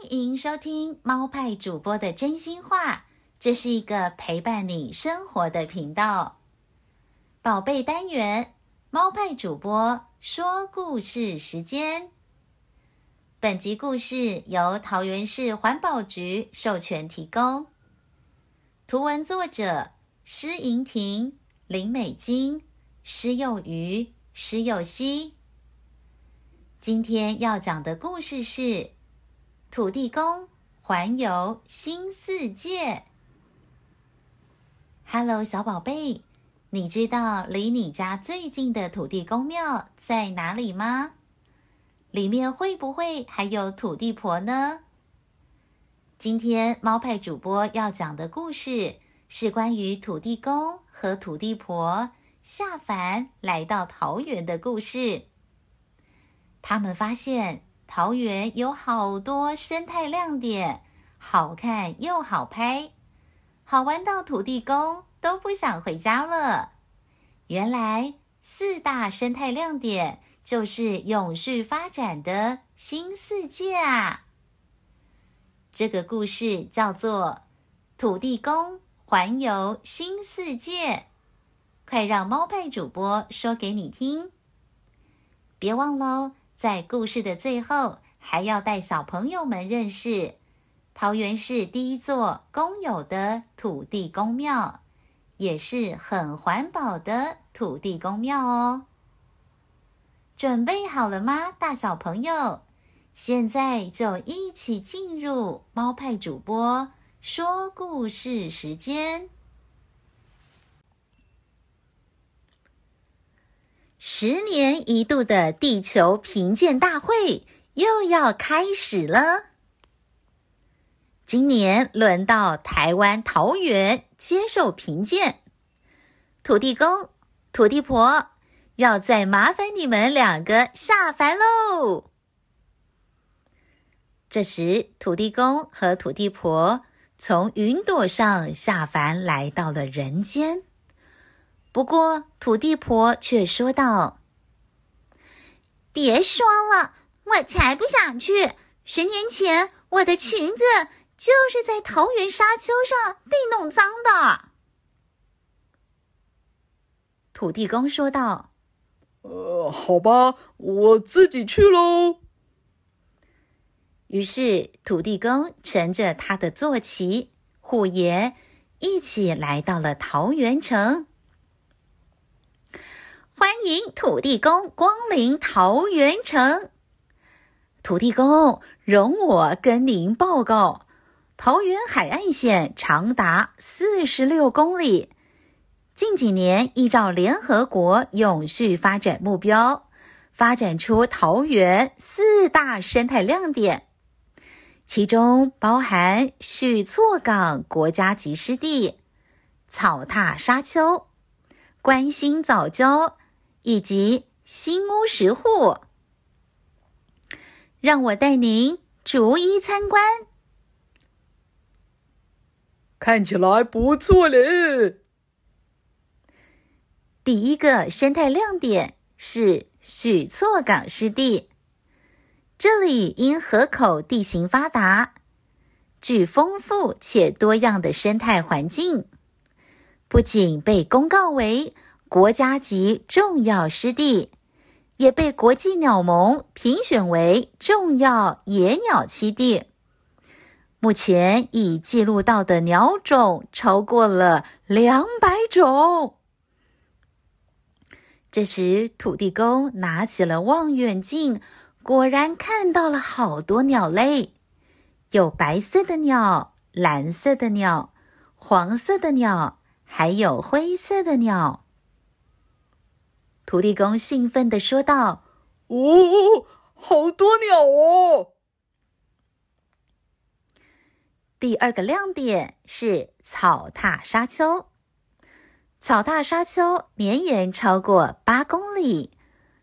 歡迎收聽貓派主播的真心話，這是一個陪伴你生活的頻道。寶貝單元，貓派主播說故事時間。本集故事由桃園市環保局授權提供，圖文作者：施盈廷、林美金、施又瑜、施又熙。今天要講的故事是。土地公環遊新四界。Hello，小寶貝，你知道離你家最近的土地公廟在哪裡嗎？裡面會不會還有土地婆呢？今天貓派主播要講的故事是關於土地公和土地婆下凡來到桃園的故事。他們發現。桃園有好多生態亮點，好看又好拍，好玩到土地公都不想回家了。原來四大生態亮點就是永續發展的新四界啊！這個故事叫做《土地公環遊新四界》，快讓貓派主播說給你聽，別忘嘍。在故事的最後，還要帶小朋友們認識桃園市第一座公有的土地公廟，也是很環保的土地公廟哦。準備好了嗎？大小朋友，現在就一起進入貓派主播說故事時間。十年一度的地球評鑑大會又要開始了。今年輪到台灣桃園接受評鑑，土地公、土地婆要再麻煩你們兩個下凡嘍。這時，土地公和土地婆從雲朵上下凡來到了人間。不過，土地婆卻說道：“別說了，我才不想去。十年前，我的裙子就是在桃園沙丘上被弄髒的。”土地公說道：“呃，好吧，我自己去嘍。”於是，土地公乘着他的坐騎虎爺，一起來到了桃園城。歡迎土地公光臨桃園城。土地公，容我跟您報告，桃園海岸線長達四十六公里。近幾年，依照聯合國永續發展目標，發展出桃園四大生態亮點，其中包含許厝港國家級濕地、草漯沙丘、觀新藻礁。以及新屋石滬，讓我帶您逐一參觀。看起來不錯嘞。第一個生態亮點是許厝港濕地，這裡因河口地形發達，具豐富且多樣的生態環境，不僅被公告為。國家級重要濕地，也被國際鳥盟評選為重要野鳥棲地。目前已記錄到的鳥種超過了兩百種。這時，土地公拿起了望遠鏡，果然看到了好多鳥類，有白色的鳥、藍色的鳥、黃色的鳥，還有灰色的鳥。土地公興奮地說道：“哦，好多鳥哦！”第二個亮點是草漯沙丘，草漯沙丘綿延超過八公里，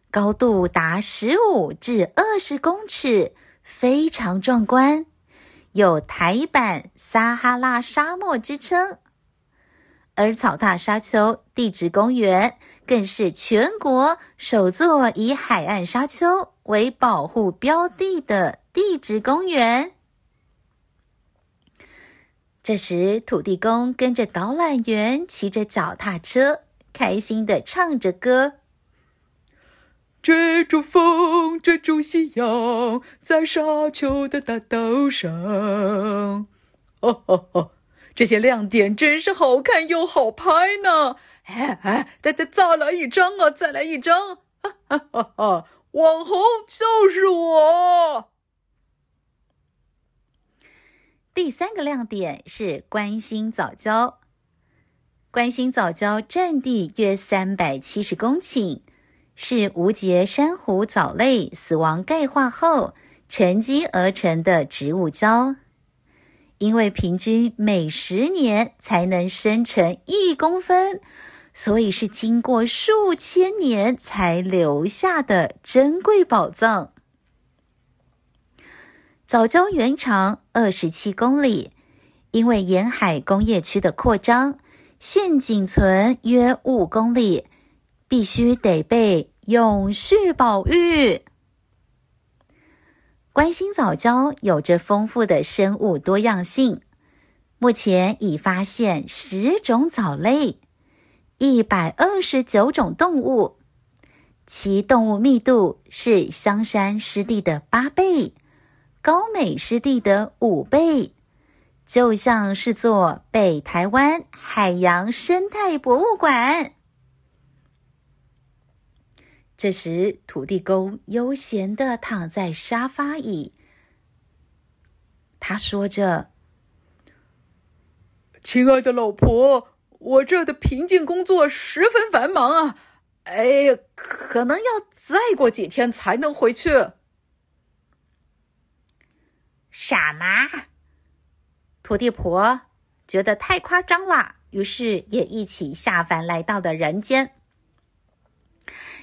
高度達十五至二十公尺，非常壯觀，有‘台版撒哈拉沙漠’之稱。而草漯沙丘地質公園。更是全國首座以海岸沙丘為保護標的的地質公園。這時，土地公跟着導覽員騎着腳踏車，開心地唱着歌，追逐風，追逐夕陽，在沙丘的大道上，哈哈哈。哦哦這些亮點真是好看又好拍呢！哎哎，再再再來一張啊，再來一張！哈哈哈哈，網紅就是我。第三個亮點是觀新藻礁，觀新藻礁佔地約三百七十公頃，是無節珊瑚藻類死亡鈣化後沉積而成的植物礁。因為平均每十年才能生成一公分，所以是經過數千年才留下的珍貴寶藏。藻礁原長二十七公里，因為沿海工業區的擴張，現僅存約五公里，必須得被永續保育。關心藻礁有着豐富的生物多樣性，目前已發現十種藻類，一百二十九種動物，其動物密度是香山濕地的八倍，高美濕地的五倍，就像是座北台灣海洋生態博物館。這時，土地公悠閒地躺在沙發椅，他說着：“親愛的老婆，我這的平靜工作十分繁忙啊，哎，可能要再過幾天才能回去。”“什麼？”土地婆覺得太誇張了，於是也一起下凡來到了人間。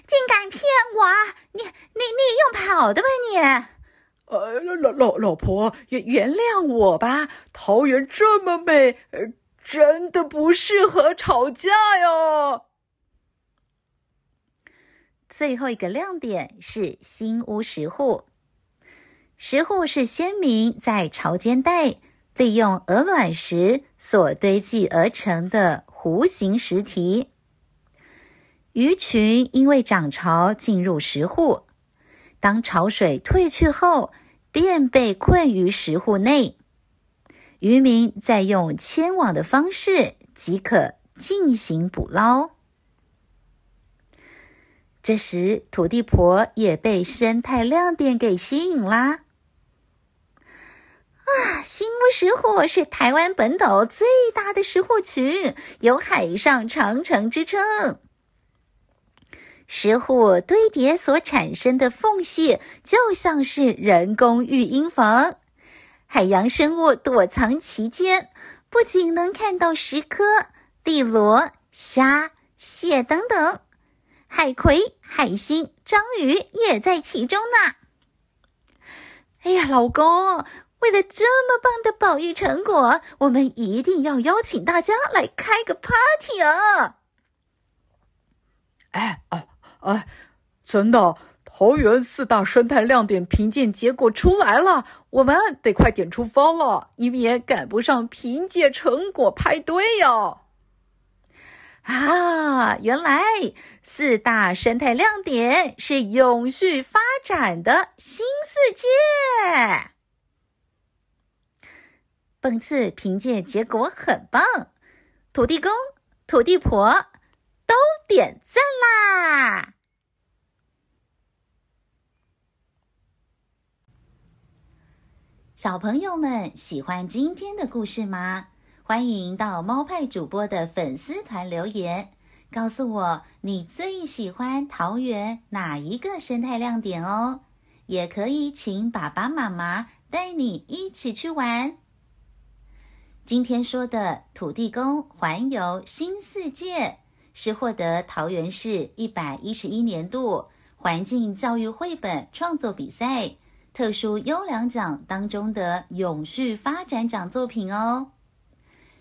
竟敢騙我你！你、你、你用跑的吧你，呃，老老老婆原原諒我吧。桃園這麼美，呃，真的不適合吵架呀。最後一個亮點是新屋石滬。石滬是先民在潮間帶利用鵝卵石所堆積而成的弧形石堤。魚群因為漲潮進入石滬，當潮水退去後，便被困於石滬內。漁民再用牽網的方式即可進行捕撈。這時，土地婆也被生態亮點給吸引啦！啊，新屋石滬是台灣本島最大的石滬群，有“海上長城”之稱。石塊堆疊所產生的縫隙就像是人工育嬰房，海洋生物躲藏其間，不僅能看到石科、地螺、蝦、蟹等等，海葵、海星、章魚也在其中呢。哎呀，老公，為了這麼棒的保育成果，我們一定要邀請大家來開個 party 啊！哎，真的！桃園四大生態亮點評鑑結果出來了，我們得快點出發了，以免趕不上評鑑成果派對喲！啊，原來四大生態亮點是永續發展的新四界。本次評鑑結果很棒，土地公、土地婆。點讚啦！小朋友們喜歡今天的故事嗎？歡迎到貓派主播的粉絲團留言，告訴我你最喜歡桃園哪一個生態亮點哦。也可以請爸爸媽媽帶你一起去玩。今天說的土地公環遊新四界，是獲得桃園市一百一十一年度環境教育繪本創作比賽特殊優良獎當中的永續發展獎作品哦。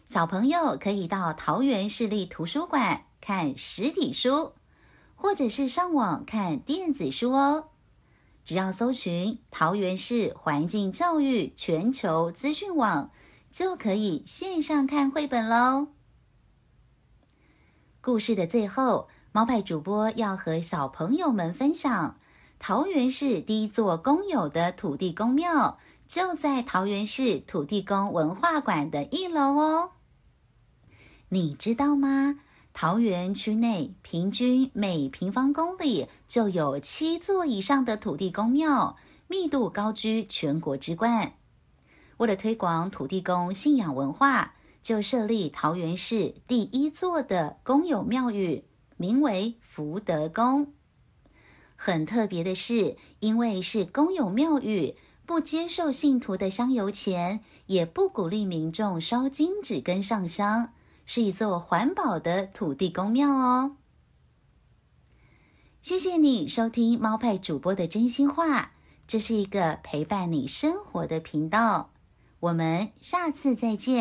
小朋友可以到桃園市立圖書館看實體書，或者是上網看電子書哦。只要搜尋桃園市環境教育全球資訊網，就可以線上看繪本嘍。故事的最後，貓派主播要和小朋友們分享：桃園市第一座公有的土地公廟就在桃園市土地公文化館的一樓哦。你知道嗎？桃園區內平均每平方公里就有七座以上的土地公廟，密度高居全國之冠。為了推廣土地公信仰文化，就設立桃園市第一座的公有廟宇，名為福德宮。很特別的是，因為是公有廟宇，不接受信徒的香油錢，也不鼓勵民眾燒金紙跟上香，是一座環保的土地公廟哦。謝謝你收聽貓派主播的真心話，這是一個陪伴你生活的頻道。我們下次再見。